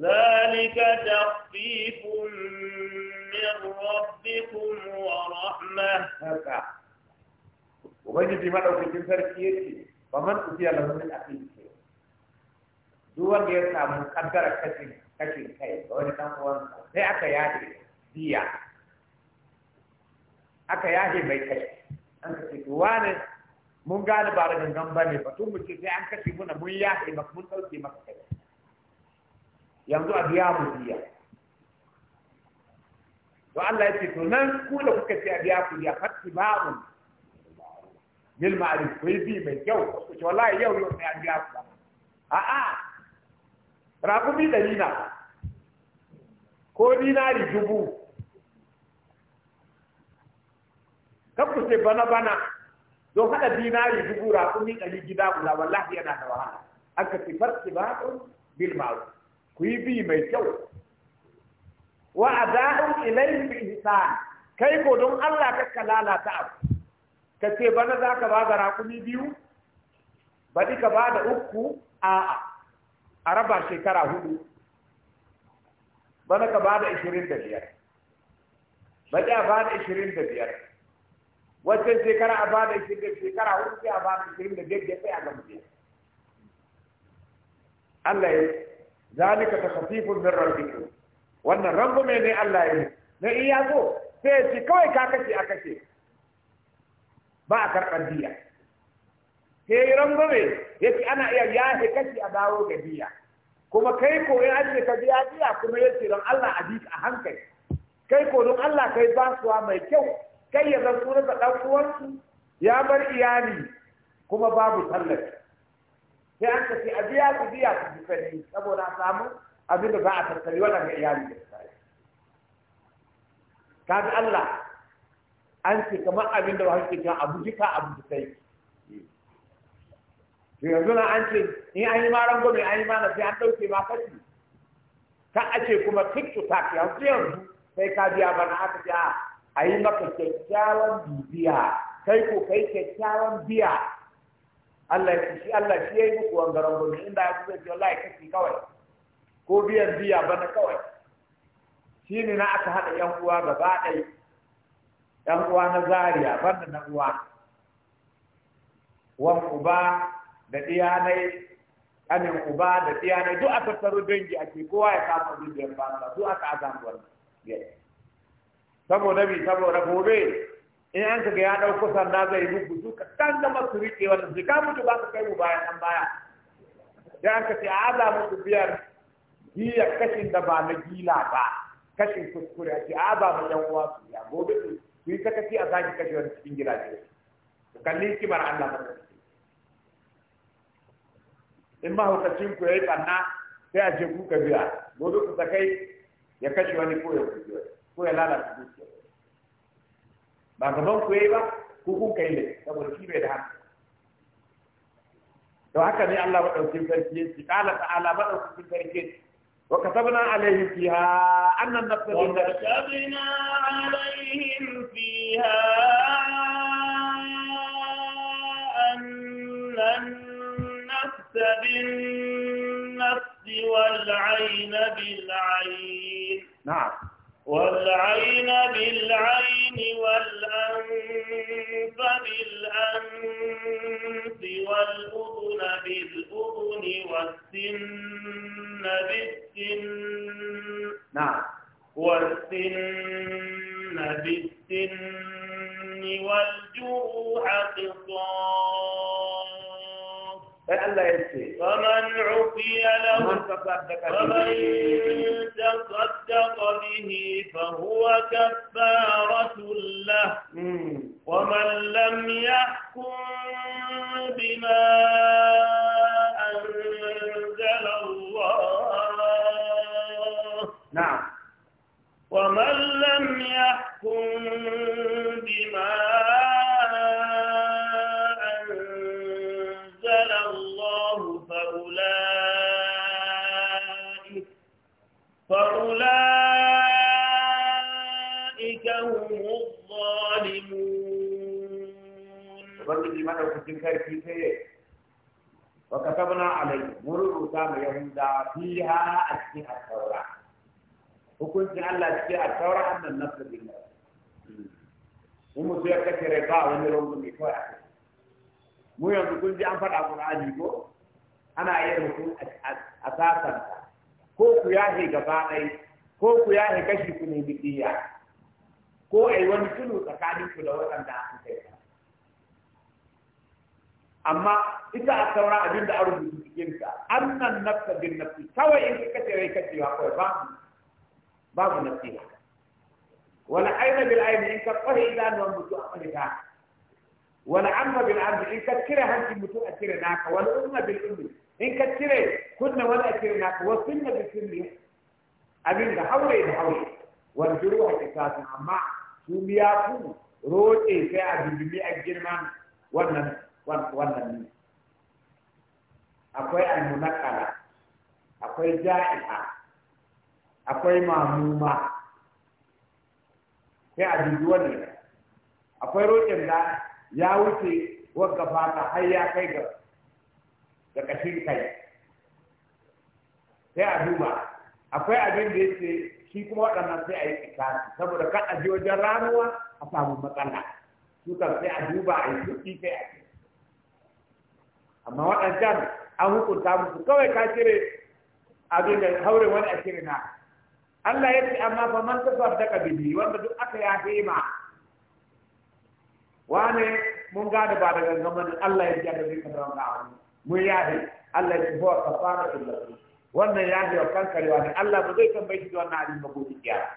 ذلك تخفيف من ربكم ورحمة وبنجي ما لو كنت تركيتي فمن أتي له من أخيه duk wanda ya samu kaddara kashin kai ga wani dan uwansa sai aka yaje biya aka yaje mai kai an kace to mun gane ba da gangan bane ba tun mu ce sai an mun mun yanzu a biya mu biya to Allah ya ce to nan ku da kuka ce a biya ku biya fatti ba'un bil ma'ruf ku bi mai kyau ku ce wallahi yau yau ne a biya ku a a rakumi da nina ko dinari dubu kan sai bana bana don hada dinari dubu rakumi ɗari gida guda wallahi yana da wahala aka ce farki ba bil ma'ruf ku yi bi mai kyau wa a ada'u ilayin bi ihsan kai ko don Allah ka ka ta abu ka ce bana za ka ba da raƙumi biyu baɗi ka ba da uku a'a a raba shekara hudu bana ka ba da ishirin da biyar baɗi a ba da ishirin da biyar wacce shekara a ba da da shekara hudu sai a ba da ishirin da biyar sai a gama biyar Allah ya zalika takhfifun min rabbikum wannan rangume ne Allah ya yi na iya so sai ci kawai ka kace a kace ba a karɓar diya sai rangume ya ce ana iya yahe kashi a dawo da diya kuma kai ko in ce ka biya diya kuma ya ce don Allah a a hankali kai ko don Allah kai basuwa mai kyau kai ya zan sunan da ɗan uwansu ya bar iyali kuma babu tallafi sai an tafi a biya ku biya ku ji fari saboda a samu abin da za a tattali wannan ga iyali da ka ga Allah an ce kamar abin da wahayi ke abu jika abu sai to yanzu na an ce in an yi maran gome an yi mana sai an dauke ma kashi ka a ce kuma ta tak yanzu yanzu sai ka biya bana aka ce ah, a yi maka kyakkyawan bibiya kai ko kai kyakkyawan biya Allah ya shi Allah shi yayi muku wangaran gobe inda ya zai ce wallahi kashi kawai ko biyan biya bana kawai shine na aka hada yan uwa gaba ɗaya yan uwa na Zariya banda na uwa wan uba da diyanai anin uba da diyanai duk aka taru dangi ake kowa ya kama dukiyar ba duk aka azan wannan saboda bi saboda gobe in an ka ga ya ɗauko sanda zai rubutu ka kan zama su riƙe wannan su ka mutu ba ka kai mu bayan an baya sai an ka ce a za mu biyar biya kashin da ba na gila ba kashin kuskure a ce a za mu yan uwa su ya gobe su yi kashi a zaki kashe wani cikin ce su kalli kimar Allah ba in mahaukacin ku ya yi ɓanna sai a ce ku ka biya gobe ku sakai ya kashe wani ko ya ko ya lalata ba gaban ku yayi ba ko kun kai ne saboda shi bai da haka to haka ne Allah madaukakin sarki ya ce qala ta'ala madaukakin sarki wa katabna alaihim fiha annan nafsa wa katabna alaihim fiha annan nafsa bin nafsi wal 'ayna bil 'ayn na'am والعين بالعين والأنف بالأنف والأذن بالأذن والسن بالسن نعم والسن بالسن والجروح قصاص الله فمن عفي له ومن تصدق به فهو كفارة له ومن لم يحكم بما أنزل الله نعم ومن لم يحكم بما madaukakin karfi sai ya wa katabna alai mun rubuta mai yahuda fiha a cikin at-taura hukuncin Allah cikin at-taura annan nasu din mu mu sai ka rai ba wani rungumi ko ya mu yanzu kun ji an faɗa Qur'ani ko ana yin mutum a sasanta ko ku he gaba dai ko ku he kashi ku ne bidiya ko ai wani tunu tsakanin ku da waɗanda aka kai amma ita a saura abin da a rubuta cikin ta annan nafsa bin nafsi kawai in kace rai kace wa kawai babu babu nafsi ba wala aina bil aini in ka ila idanuwan mutu a qahiga wala amma bil amri in ka cire hanci mutu a cire naka wala umma bil ummi in ka kire kunna wala a cire naka wa sunna bil sunni abin da haure da haure wal juruha kitabun amma su biya ku roƙe sai a bibimi a girma wannan wannan ne akwai almunakala akwai ja'i'a akwai mamuma sai a dubi wannan akwai roƙin da ya wuce wanka fata har ya kai ga da kashin kai sai a duba akwai abin da yake shi kuma waɗannan sai a yi ikasi saboda kan a wajen ranuwa a samu matsala su kan sai a duba a yi tuki sai a yi amma waɗancan an hukunta musu kawai ka cire abin da haure wani a cire na Allah ya ce amma fa man daga bihi wanda duk aka fi ma wane mun gane ba daga zamanin, Allah ya jada zai ka rawa ga mun yafe Allah ya ce ka fara illa wannan yafe wa kankarewa ne Allah ba zai tambaye shi da wannan abin ba gobe kiya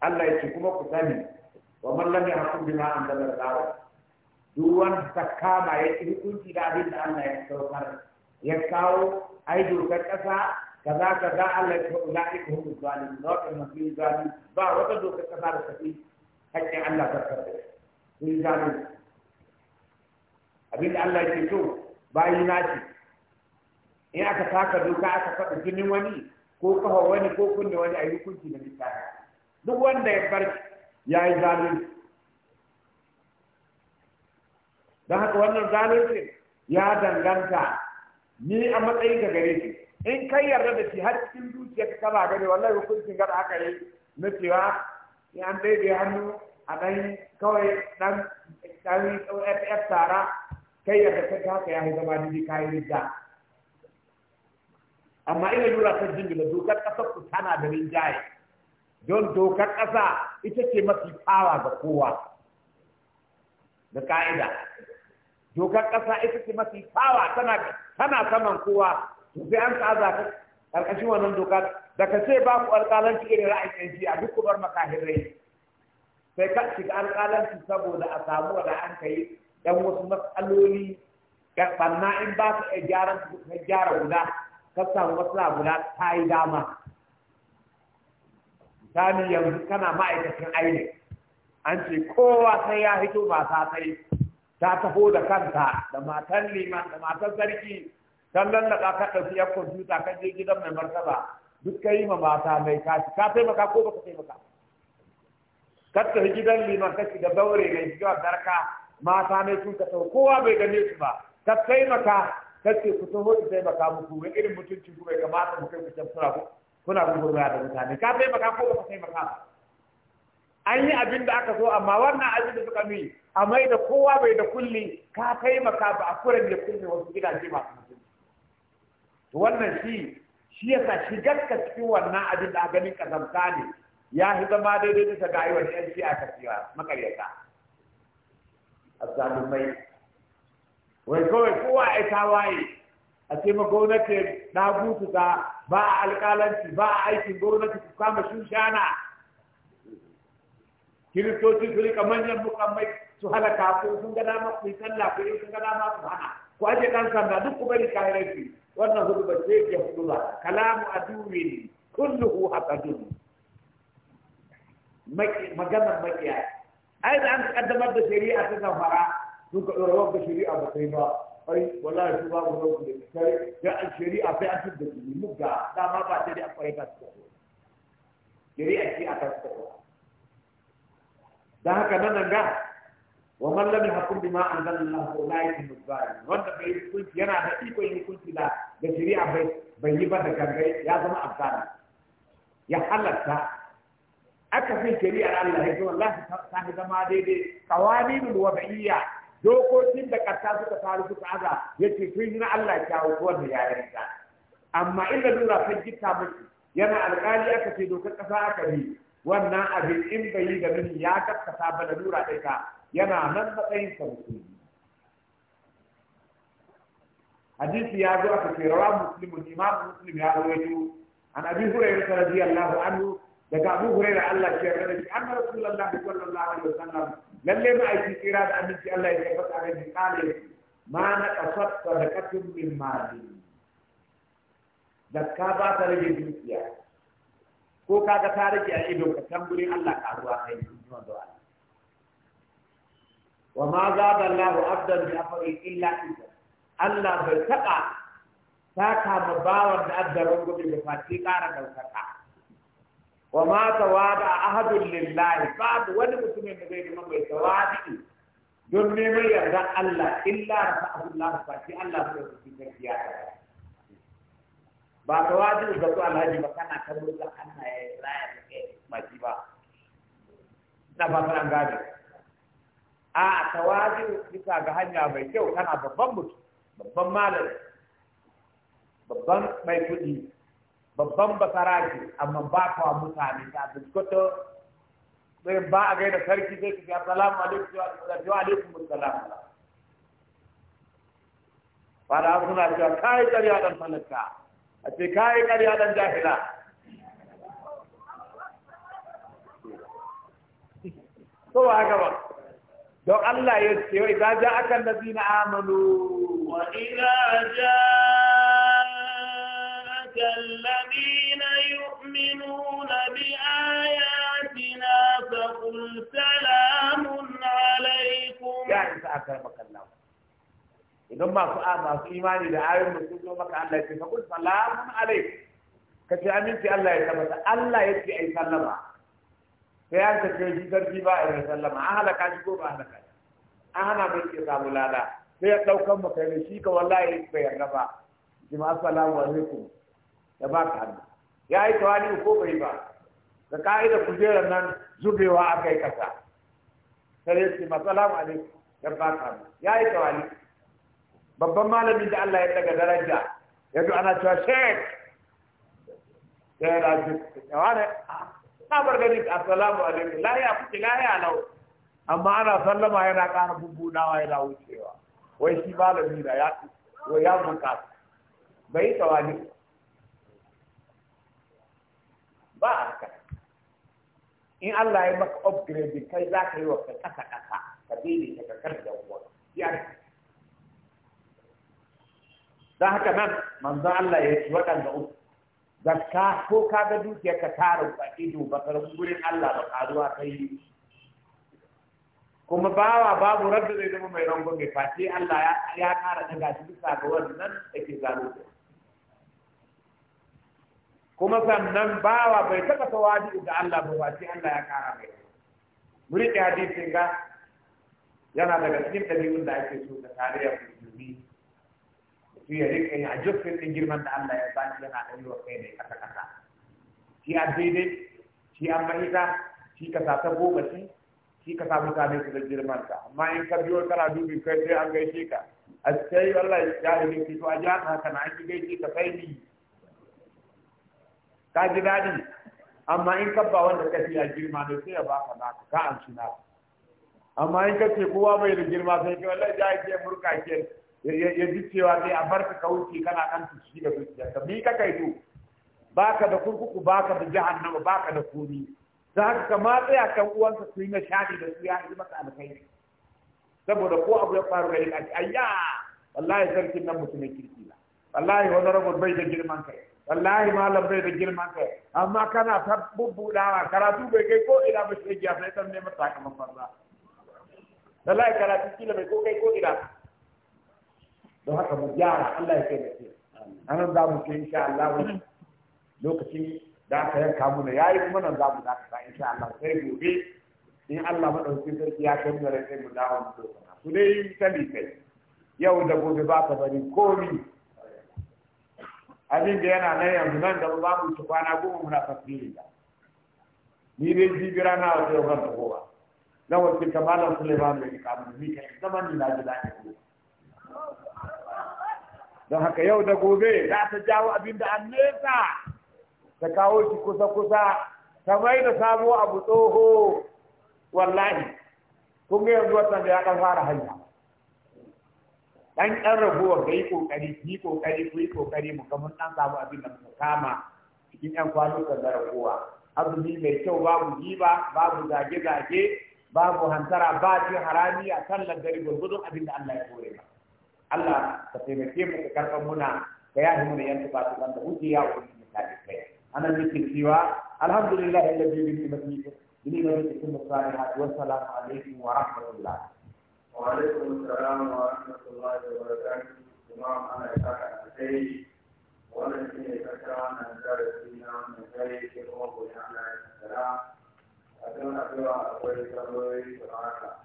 Allah ya ce kuma ku sani wa man lam yahkum bima anzala Allah duk wanda ta kama ya ƙi hukunci da abin da Allah ya saukar ya kawo ai dokar ƙasa ka za ka kaza Allah ya kawo la'ika hukunci zalimi na wata mafi zalimi ba wata dokar ƙasa da tafi hakkin Allah ta karɓe sun yi zalimi abin da Allah ya so bayi na ce in aka taka doka aka faɗa jinin wani ko kafa wani ko kunne wani a yi hukunci da littafi duk wanda ya bar ya yi zalunci don haka wannan zalunci ya danganta ni a matsayi ga gare shi in kai yarda da shi har cikin zuciya ka kaba gare wallahi hukuncin gada aka yi na cewa ya an daidai hannu a nan kawai ɗan ɗan ff tara kai yarda ta haka ya yi zama ni kayan rigga amma ina lura ta jimila dokar ƙasar ku tana da rinjaye don dokar ƙasa ita ce mafi kawa ga kowa da ka'ida dokar ƙasa ita ce mafi fawa tana saman kowa to sai an tsaza ka ƙarƙashin wannan doka da ka ce ba ku alƙalanci irin ra'ayin yan a duk kubar makahirai sai ka shiga alƙalanci saboda a samu da an kai ɗan wasu matsaloli ga banna in ba ka iya gyaran gyara gyara guda ka samu matsala guda ta yi dama misali yanzu kana ma'aikacin aini an ce kowa sai ya hito ba sa sai ta taho da kanta da matan liman da matan sarki kan lallaka ka ɗauki yan kwamfuta kan je gidan mai martaba duk ka yi ma mata mai kashi ka taimaka ko baka taimaka kar ta gidan liman ka shiga daure ne zuwa darka mata mai sun ka taho kowa bai gane su ba ka taimaka ka ce ku taho ki taimaka muku wani irin mutunci ku bai kamata mu kai ku can suna kuna gugurwa da mutane ka taimaka ko baka taimaka ba an yi abin da aka so amma wannan abin da suka mi a mai da kowa bai da kulli ka taimaka ba a kuran da kulli wasu gidaje masu mutum wannan shi shi yasa shigar ka cikin wannan abin da ganin kazamta ne ya fi zama daidai da ga ayyukan yan shi a kasiwa makaryata Mai, wai kawai kowa ya waye, a ce ma gwamnati na gutu ta ba a alƙalanci ba a aikin gwamnati ku kama shana kiristoci su rika manyan mukammai su halaka ku sun ga dama ku yi sallah ku yi sun ga dama su hana ku aje dan sanda duk ku bari kayan shi. wannan hudu ba ce ke hudu ba kalamu aduwin kulluhu hasadun maganar makiya ai da an kaddamar da shari'a ta zamfara sun ka dora wanda shari'a ba sai ba ai wallahi su ba mu da kai da shari'a bai an tudda mu ga dama ba sai da akwai ka shari'a ce a kan Da haka nan ga wa man lam ma bima anzalallahu ulaika hum zalimun wanda bai hukunci yana da ikon yin hukunci da da shari'a bai bai yi ba da gangai ya zama abdani ya halatta aka fi shari'ar Allah ya ce wallahi ta zama daidai qawaminul wad'iyya dokokin da karta suka faru suka aza yace ce yi na Allah ya ko wanda ya yarda amma illa lura kan gitta miki yana alƙali aka ce dokar ƙasa aka bi wannan abin in bai yi da miji ya kaskata ba da lura ɗai ka yana nan matsayin sa musulmi hadisi ya zo aka ce rawa muslimun imam muslim ya rawaito an abi hurairah radiyallahu anhu daga abu hurairah Allah ya yarda shi an anna rasulullah sallallahu alaihi wasallam lalle ma aiki kira da aminci Allah ya tabbata a cikin kale ma na kasat sadaqatun min mali zakka ba ta rage dukiya ko kaga ta rage a idon ka can gurin Allah karuwa kai ne zuwa da Allah wa ma zaba Allahu abdan bi afri illa illa Allah bai taɓa ta kama bawan da addarin gobe da fati ƙara ɗaukaka wa ma tawada ahadun lillahi babu wani mutumin da zai zama mai tawadi don neman yarda Allah illa rafa Allah fati Allah bai fi gaskiya da ba ka wajen zato alhaji ba kana ta da Allah ya yi raya da ke maki ba na ba an gane a ka wajen bisa ga hanya mai kyau kana babban mutum babban malami babban mai kuɗi babban basaraki amma ba kwa mutane ta biskoto sai ba a gaida sarki sai ka ga salamu alaikum wa Ba da abu suna cewa kai a dan falaka a ce kayi ƙarya dan jahila so ba haka ba don Allah ya ce wa idza ja'aka allazina amanu wa idza ja'aka allazina yu'minuna bi ayatina fa qul salamun alaykum ya isa akramaka Allah idan masu a masu imani da ayoyin da sun zo maka Allah ya ce fa kul salamun alaikum ka ce aminci Allah ya tabbata Allah ya ce ai sallama sai an ka ce shi sarki ba ai sallama an halaka shi ko ba halaka shi an hana mai ke samu lada sai ya daukan maka ne shi ka wallahi bai yarda ba jima assalamu alaikum da ba ka hannu ya yi tawani ko bai ba da ka'idar kujerar nan zubewa akai kasa sai ya ce masalamu alaikum da ba ka hannu ya yi tawani babban malamin da Allah ya daga daraja ya zo ana cewa sheik da ya rafi da wani na bar gani assalamu alaikum lahiya kuke lahiya lau amma ana sallama yana ƙara bubbunawa yana wucewa wai shi malami da ya wai ya bukata bai tawali ba haka in Allah ya maka upgrade kai za ka yi wa ka kasa kasa ka daidaita ka kada da uwa ya don haka nan manzo Allah ya ci waɗanda uku zakka ko ka ga dukiyar ka tarin ba ido ba karbi gurin Allah ba karuwa kai yi kuma bawa babu rabbi zai zama mai rangon mai face Allah ya kara daga shi bisa ga wannan da ke zaro kuma sannan bawa bai taɓa tawadi ga Allah ba face Allah ya kara mai muri da hadisin ga yana daga cikin ɗabi'un da ake so da tarayyar musulmi su ya rika ya jokin din girman da Allah ya bani yana da yiwa kai da kasa kasa shi a daidai shi an mahita shi ka ta goma shi shi ka sa mutane su da girman ka amma in ka biyo kana dubi kai sai an gaishe ka a sai wallahi ya da ni to a ji haka na an gaishe ka sai ni ka ji daɗi amma in ka ba wanda ka a girma ne sai ya baka naka ka an shi naka amma in ka ce kowa bai da girma sai kai wallahi ya ke murka ke ya ji cewa zai a bar ka wuce kana kan tuci da zuciyarka mi ka kai to baka da kurkuku baka da jahannama baka da komi za ka kama tsaya kan uwanka su yi na shaɗi da su ya yi maka alkhairi saboda ko abu ya faru gari ka ayya wallahi sarkin nan mutumin kirki na wallahi wani rabu bai da girman kai wallahi malam bai da girman kai amma kana ta bubbudawa karatu bai kai ko ina ba shi ya sai dan neman sakamakon ba wallahi karatu kila bai ko kai ko ina don haka mu gyara Allah ya kai da ke nan za mu ce insha Allah lokacin da aka yanka mu ya yi kuma nan za mu dakata insha Allah sai gobe in Allah maɗauki sarki ya kai mu rai sai mu dawo mu so su dai tali kai yau da gobe ba ka bari komi abin da yana nan yanzu nan da ba mu ci kwana goma muna tafsiri da ni dai jibira na wata yau kan tafowa na wasu kamalar suleiman mai kamun ni kai zama ni na ji daɗi don haka yau da gobe za ta jawo abin da an nesa ta kawo shi kusa-kusa ta mai da sabo abu tsoho wallahi kun ga yanzu watan da ya kan fara hanya ɗan ɗan raguwar ga yi ƙoƙari yi ƙoƙari ku yi ƙoƙari mu kamar ɗan samu abin da muka kama cikin ƴan kwanukan da raguwa azumi mai kyau babu giba babu zage-zage babu hantara ba cin harami a kan lantarki gwargwadon abin da Allah ya kore ba. Allah ka taimake mu ka karɓar muna ka yahi muna yan tuba tuban da wuce ya wuce mu ta da kai ana nufin cewa alhamdulillah alladhi bi ni'matihi bi ni'matihi kullu salihat wa Salamu alaikum wa rahmatullah wa alaikum assalam wa rahmatullahi wa barakatuh imam ana saka sai wannan shi ne kaka wannan darasi na wannan sai ke kuma goyi ana sara a kan akwai akwai tambayoyi da haka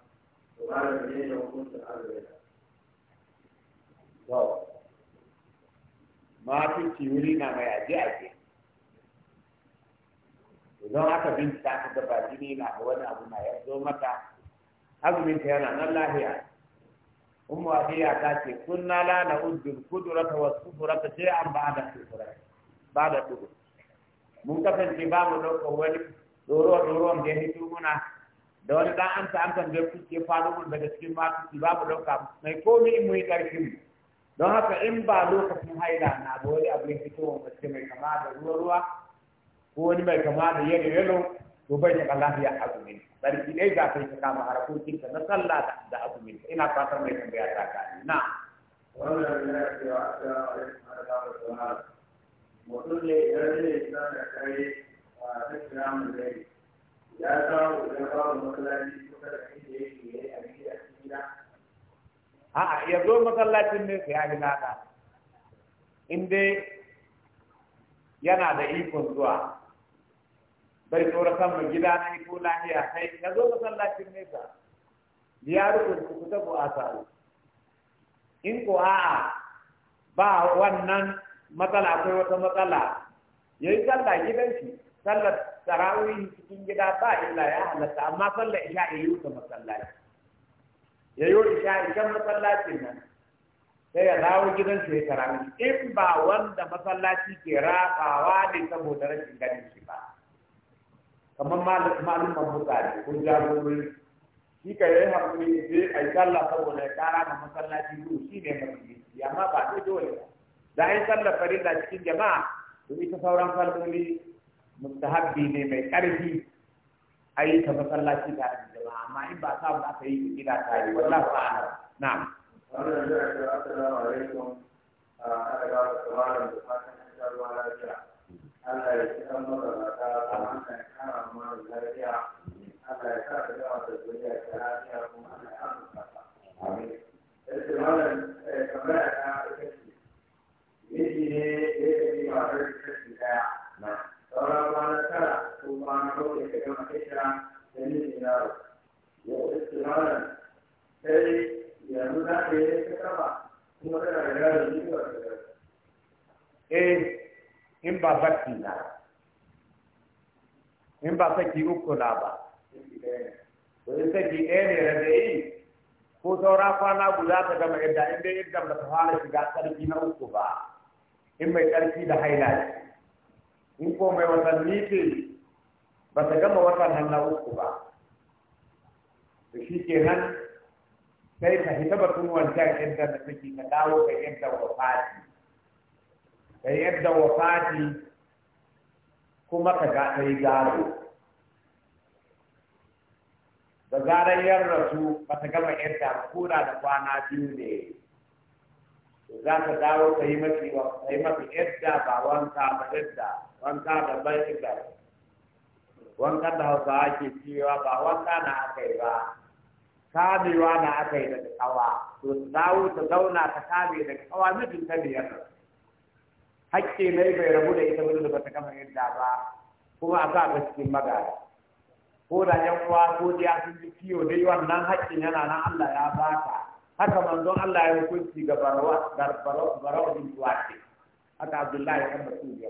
mafici wuri na mai aje aje idan aka bincika aka gaba jini na ga wani abu na ya zo mata azumin ta yana nan lahiya ummu adiya ta ce kunna la na uddul qudrata wa sai an ba da ba da mun kasance ba mu dauka wani doro doron da ya hito muna da wani dan an ta an kan da kuke faɗo mun daga cikin ci babu ɗauka mai komi mu yi ƙarfi don haka in ba lokacin haila na da wani abu ya fito wa mace mai kama da ruwa ruwa ko wani mai kama da yalo yalo to bai ta lafiya azumin Bari dai za ka yi ta kama harkokin ka na sallah da azumin ina fatan mai tambaya ta gani na wannan ya ce wa ne ne da kai a ya a gida a'a ya zo masallacin ne sai ya bi lada in dai yana da ikon zuwa bai kan mai gida na ko lahiya kai ya zo masallacin nesa biya rukun ku ta ku asaru in ko a'a ba wannan matsala akwai wata matsala yayi sallah gidan shi sallar tarawih cikin gida ba illa ya halatta amma sallar isha da yi ta masallaci ya yi isha idan masallacin nan sai ya dawo gidan su ya tarawih in ba wanda masallaci ke rafawa ne saboda rashin ganin shi ba kamar malum ne, ko jagorori shi ka yi haƙuri ya je a yi sallah saboda ya kara da masallaci ruhu shi ne mafi amma ba sai dole ba za a yi sallar farilla cikin jama'a domin ta sauran falloli mustahabbi ne mai ƙarfi a yi ta masallaci da jama'a amma in ba aka yi gida tare wannan assalamu alaikum a ah, aka ga da fatan ruwa lafiya Allah ya ci an a wannan kara lafiya Allah ya sa ka da zuriya ta lafiya kuma Allah ya amsa amin wannan kamar eh, ne da ya yi ba da kashi na'am saura kwana tara ko kwana bakwai ta gama kishira da yin yaro ya istiraran sai yanzu za ka yi ta kafa kuma tana da yaro ne ba ta gaba eh in ba bacci na in ba saki uku na ba wani saki ɗaya ne da yi ko saura kwana guda ta gama yadda in dai yadda ba ta fara shiga ƙarfi na uku ba in mai ƙarfi da haila ne in ko mai watanni ce ba ta gama watan nan na ba da shi ke nan sai ka hita na wancan yadda da take ka dawo wafati ka yadda wafati kuma ka ga ta yi gado da zarar yan rasu ba ta gama yadda kura da kwana biyu ne za ka dawo ka yi mafi yadda ba wanka ba yadda wanka da baikar wanka da hausa ake cewa ba wanka na aka yi ba kamewa na aka yi daga kawa to su dawo ta zauna ta kame daga kawa mijin ta biyar hakke ne bai rabu da ita wani ba ta kama yadda ba kuma a sa ta cikin magana ko da yan uwa ko diya sun ji kiyo dai wannan hakkin yana nan Allah ya ba baka haka manzon Allah ya hukunci ga barawa barawa bin Haka Abdullahi kan Mas'ud ya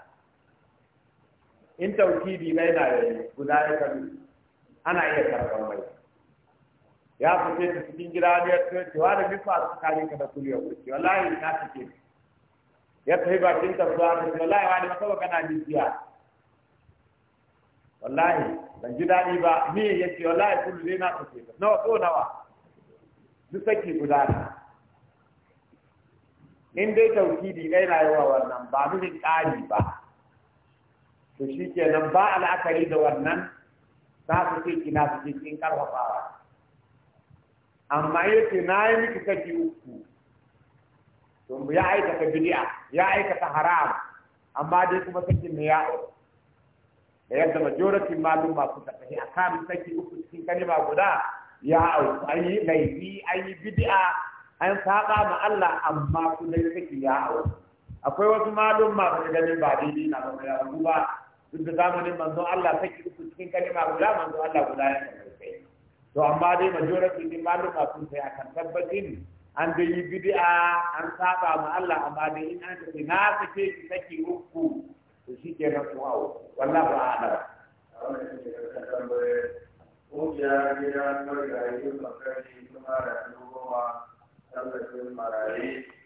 in taukidi na yana yayi guda ya kabi ana iya karɓar mai ya fice ta cikin gida ne ya ce cewa da nufa su kare ka da kuliyar wuce wallahi na fice ya tafi bakin tafiya ta ce wallahi wani masaba kana jijiya wallahi ban ji daɗi ba me ya ce wallahi kullu ne na fice ta nawa ko nawa duk sake guda ne in dai taukidi ɗaya na yawa wannan ba nufin ƙari ba to shi nan ba al'akari da wannan za su ce kina su ce kin karfafawa amma yace na yi miki kaji uku to ya aikata bid'a ya aikata haram amma dai kuma sakin ne ya da yadda majoratin malum masu tafi a kan saki uku cikin kalima guda ya auku an yi laifi an yi bidi'a, an saba ma Allah amma kuma saki ya auku akwai wasu malum masu ganin ba daidai na ba ya ba duk da zamanin manzon Allah saki uku cikin kalima guda manzon Allah guda ya kai to amma dai majority din maluma sun sai akan tabbatin an da yi bid'a an saba ma Allah amma dai in an tafi na sake ki saki uku to shi ke nan kuma wallahi ba a da Kungiya gida kawai da ayyukan kuma da dubuwa tallafin marayi